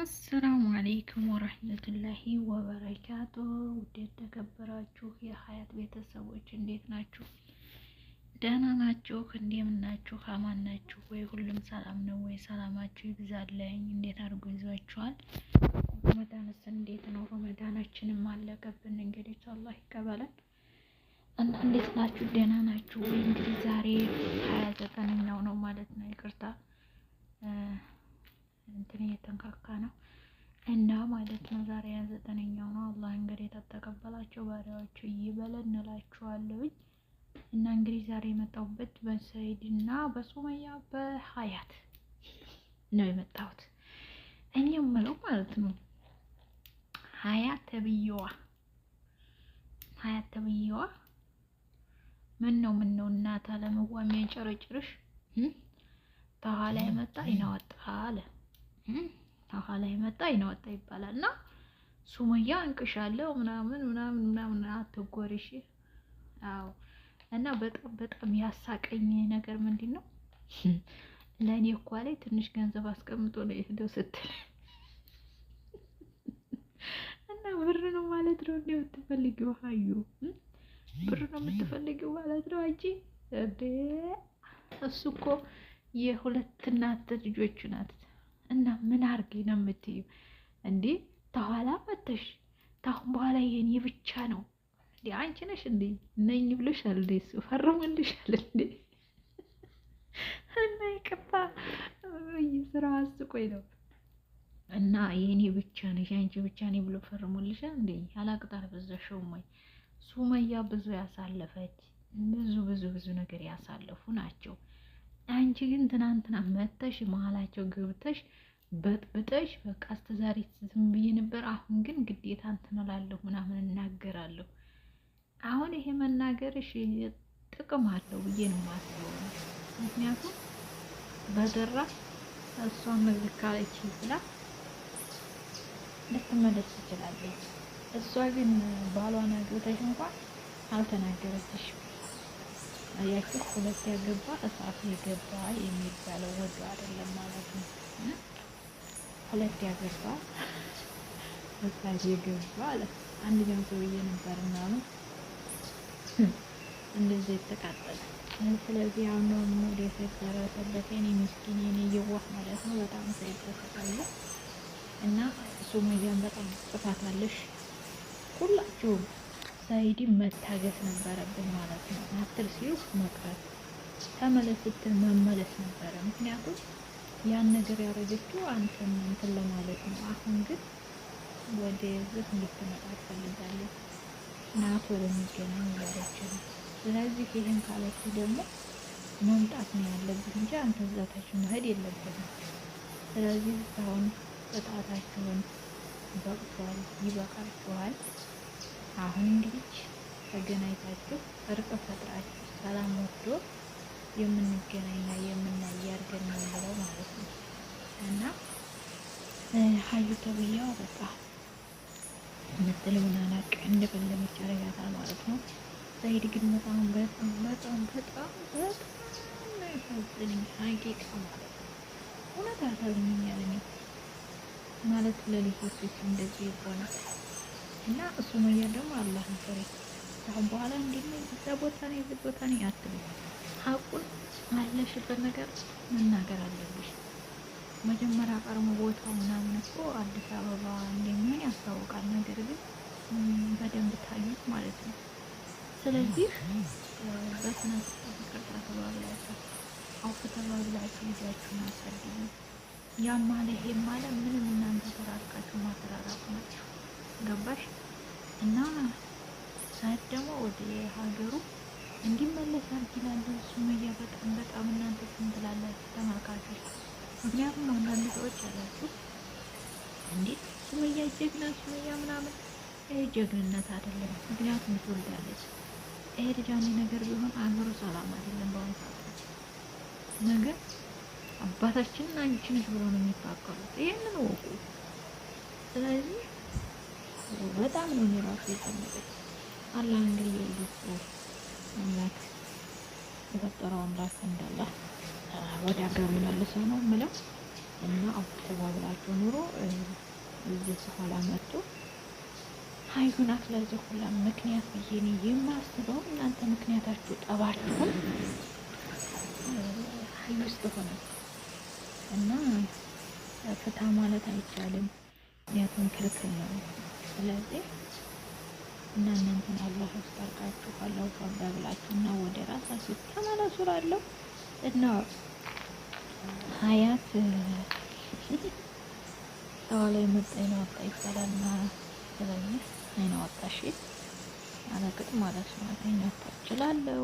አሰላሙ አሌይኩም ወረህመቱላሂ ወበረካቱ። ውድ የተከበራችሁ የሀያት ቤተሰቦች እንዴት ናችሁ? ደህና ናችሁ? እንደምን ናችሁ? አማን ናችሁ ወይ? ሁሉም ሰላም ነው ወይ? ሰላማችሁ ይብዛለኝ። እንዴት አድርጎ ይዟችኋል? ረመዳንስ እንዴት ነው? ረመዳናችንም አለቀብን እንግዲህ አላህ ይቀበለን እና እንዴት ናችሁ? ደህና ናችሁ ወይ? እንግዲህ ዛሬ ሀያ ዘጠነኛው ነው ማለት ነው። ይቅርታ እንትን እየተንካካ ነው እና ማለት ነው ዛሬ ያ ዘጠነኛው ነው። አላህ እንግዲህ የተቀበላቸው ባሪያዎቹ ይበለን እንላችኋለሁኝ። እና እንግዲህ ዛሬ የመጣሁበት በሰይድ እና በሱመያ በሀያት ነው የመጣሁት። እኔ የምለው ማለት ነው ሀያት ተብዬዋ ሀያት ተብዬዋ ምን ነው ምን ነው እናት አለመዋሚያ ጨረጭርሽ ተኋላ የመጣ ይናወጣ አለ ከኋላ የመጣ አይን ወጣ ይባላል እና ሱመያ እንቅሻለሁ ምናምን ምናምን ምናምን አትጎርሽ። አዎ እና በጣም በጣም ያሳቀኝ ነገር ምንድን ነው ለእኔ እኳ ላይ ትንሽ ገንዘብ አስቀምጦ ነው የሄደው ስትል እና ብር ነው ማለት ነው እንዲ የምትፈልጊው ውሀዩ ብር ነው የምትፈልጊው ማለት ነው እንጂ እሱ እኮ የሁለት እናት ልጆቹ ናት እና ምን አርጊ ነው የምትዩ እንዴ? ተኋላ መተሽ ታሁን በኋላ የኔ ብቻ ነው እንዴ? አንቺ ነሽ እንዴ? ነኝ ብሎሻል እንዴ? እሱ ፈርሞልሻል እንዴ? እና ይቅፋ ስራ አስቆይ ነው እና የኔ ብቻ ነሽ አንቺ ብቻ ኔ ብሎ ፈርሞልሻል እንዴ? ያላቅጣር በዛ ማይ ሱመያ ብዙ ያሳለፈች ብዙ ብዙ ብዙ ነገር ያሳለፉ ናቸው። አንቺ ግን ትናንትና መተሽ መሀላቸው ገብተሽ በጥብጠሽ በቃ አስተዛሪ ዝም ብዬ ነበር። አሁን ግን ግዴታ እንትን ምናምን እናገራለሁ። አሁን ይሄ መናገርሽ ጥቅም አለው ብዬ ነው የማስበው። ምክንያቱም በደራ እሷን ምግብ ካለች ብላ ልትመለስ ትችላለች። እሷ ግን ባሏን አግብተሽ እንኳን አልተናገረችሽም። አያችሁ ሁለት ያገባ እሳት የገባ የሚባለው ወዶ አይደለም ማለት ነው። ሁለት ያገባ እሳት የገባ አለ። አንደኛው ሰውዬ ነበር ምናምን እንደዚህ የተቃጠለ። ስለዚህ አሁን ነው ወደ ሴት ደረሰበት። የኔ ምስኪን የኔ የዋህ ማለት ነው። በጣም ሰው እና ሱመያን በጣም ጥፋት አለሽ ሁላችሁም ሳይዲ መታገስ ነበረብን ማለት ነው። አትር ሲሉ መቅረት ተመለስ ስትል መመለስ ነበረ። ምክንያቱም ያን ነገር ያደረገችው አንተን እንትን ለማለት ነው። አሁን ግን ወደ ዝህ እንድትመጣ ትፈልጋለች። ናት ወደሚገናኝ እያለች ነው። ስለዚህ ይህን ካለች ደግሞ መምጣት ነው ያለብህ እንጂ አንተ እዛታችሁ መሄድ የለብህም። ስለዚህ እስካሁን ቅጣታችሁን በቅቷል፣ ይበቃችኋል። አሁን ልጅ ተገናኝታችሁ እርቅ ፈጥራችሁ ሰላም ወርዶ የምንገናኝና የምናይ ያድርገን ነው ብለው ማለት ነው። እና ሀዩ ተብያዋ በቃ ምትለውን አናቅ እንደፈለገች አደርጋታል ማለት ነው። ሰይድ ግን በጣም በጣም በጣም በጣም በጣም ያሳዝነኝ ሀቂቃ ማለት ነው። እውነት አሳዝነኛል እኔ ማለት ለልጆች እንደዚህ ይሆናል። እና እሱ መያ ደግሞ አላህ ፍሬ አሁን በኋላ እንደምን እዛ ቦታ ነው እዚህ ቦታ ነው አትሉ። ሀቁን አለሽበት ነገር መናገር አለብሽ። መጀመሪያ ቀርሞ ቦታው ምናምን እኮ አዲስ አበባ እንደሚሆን ያስታውቃል። ነገር ግን በደንብ ታዩት ማለት ነው። ስለዚህ በስነ ፍቅር ተባብላችሁ አውፍ ተባብላችሁ ልጃችሁን አሳድጉ። ያም ማለ ይሄም ማለ ምንም እናንተ ተራርቃችሁ ማተራራቁ ናቸው። ገባሽ? እና ሳት ደግሞ ወደ ሀገሩ እንዲመለስ አድርጊላለሁ። ሱመያ በጣም በጣም እናንተ ስም ትላላችሁ ተመልካቾች፣ ምክንያቱም አንዳንድ ሰዎች አላችሁ እንዴት ሱመያ ጀግና ሱመያ ምናምን ጀግንነት አይደለም። ምክንያቱም ትወልዳለች። ኤርጃን ነገር ቢሆን አገሩ ሰላም አይደለም በአሁኑ ሰዓት ነገር አባታችንን አንቺ ነሽ ብሎ ነው የሚታቀሉት። ይህንን ወቁ። ስለዚህ በጣም ነው የራሱ ራሱ የጨነቀኝ። አላህ እንግዲህ የልጅ አምላክ የፈጠረው አምላክ እንዳለ ወደ ሀገሩ መልሰው ነው የምለው እና ተባብላችሁ ኑሮ እዚህ በኋላ መጡ ሀይሉን አክለዘ ሁላ ምክንያት ብዬ እኔ የማስበው እናንተ ምክንያታችሁ ጠባችሁም ሀይ ውስጥ ሆነ እና ፍታ ማለት አይቻልም። ምክንያቱም ክልክል ነው። ስለዚህ እና እናንተን አላህ ያስታርቃችሁ አላህ ፈርዳ ብላችሁ እና ወደ ራሳችሁ ተመለሱ እላለሁ እና ሀያት ሰዋላ የመጣ አይነ ወጣ ይባላል እና ስለዚህ አይነ ወጣ ሺ አለቅጥ ማለት ነው። አይነ ወጣ እችላለሁ።